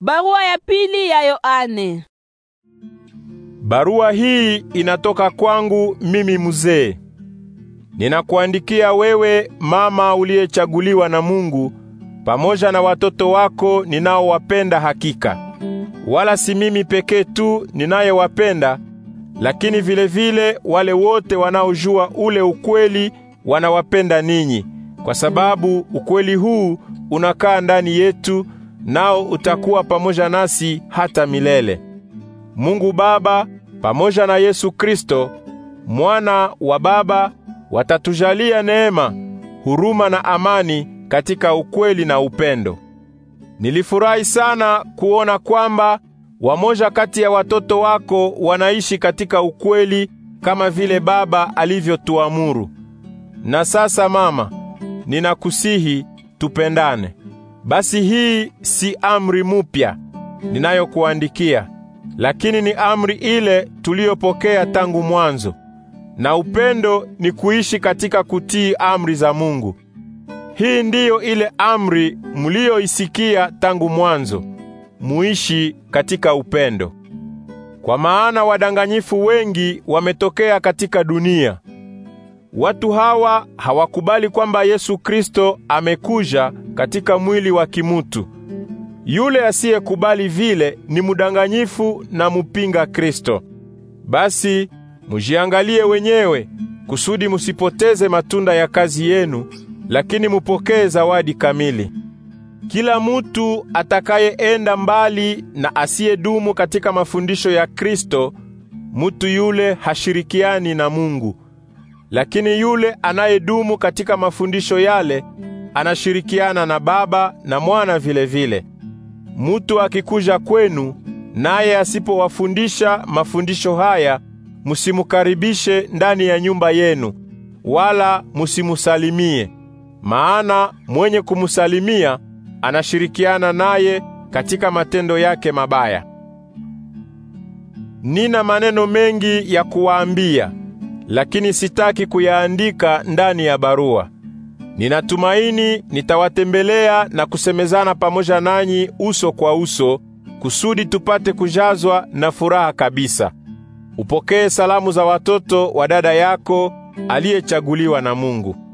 Barua ya pili ya Yohane. Barua hii inatoka kwangu mimi mzee. Ninakuandikia wewe mama uliyechaguliwa na Mungu pamoja na watoto wako ninaowapenda hakika. Wala si mimi pekee tu ninayewapenda, lakini vile vile wale wote wanaojua ule ukweli wanawapenda ninyi, kwa sababu ukweli huu unakaa ndani yetu nao utakuwa pamoja nasi hata milele. Mungu Baba pamoja na Yesu Kristo mwana wa Baba watatujalia neema, huruma na amani katika ukweli na upendo. Nilifurahi sana kuona kwamba wamoja kati ya watoto wako wanaishi katika ukweli kama vile Baba alivyotuamuru. Na sasa mama, ninakusihi tupendane. Basi hii si amri mupya ninayokuandikia, lakini ni amri ile tuliyopokea tangu mwanzo. Na upendo ni kuishi katika kutii amri za Mungu. Hii ndiyo ile amri mlioisikia tangu mwanzo. Muishi katika upendo. Kwa maana wadanganyifu wengi wametokea katika dunia. Watu hawa hawakubali kwamba Yesu Kristo amekuja katika mwili wa kimutu. Yule asiyekubali vile ni mudanganyifu na mupinga Kristo. Basi mujiangalie wenyewe kusudi musipoteze matunda ya kazi yenu, lakini mupokee zawadi kamili. Kila mutu atakayeenda mbali na asiyedumu katika mafundisho ya Kristo, mutu yule hashirikiani na Mungu. Lakini yule anayedumu katika mafundisho yale anashirikiana na Baba na Mwana vile vile. Mutu akikuja kwenu naye asipowafundisha mafundisho haya, musimukaribishe ndani ya nyumba yenu, wala musimusalimie, maana mwenye kumusalimia anashirikiana naye katika matendo yake mabaya. Nina maneno mengi ya kuwaambia lakini sitaki kuyaandika ndani ya barua. Ninatumaini nitawatembelea na kusemezana pamoja nanyi uso kwa uso kusudi tupate kujazwa na furaha kabisa. Upokee salamu za watoto wa dada yako aliyechaguliwa na Mungu.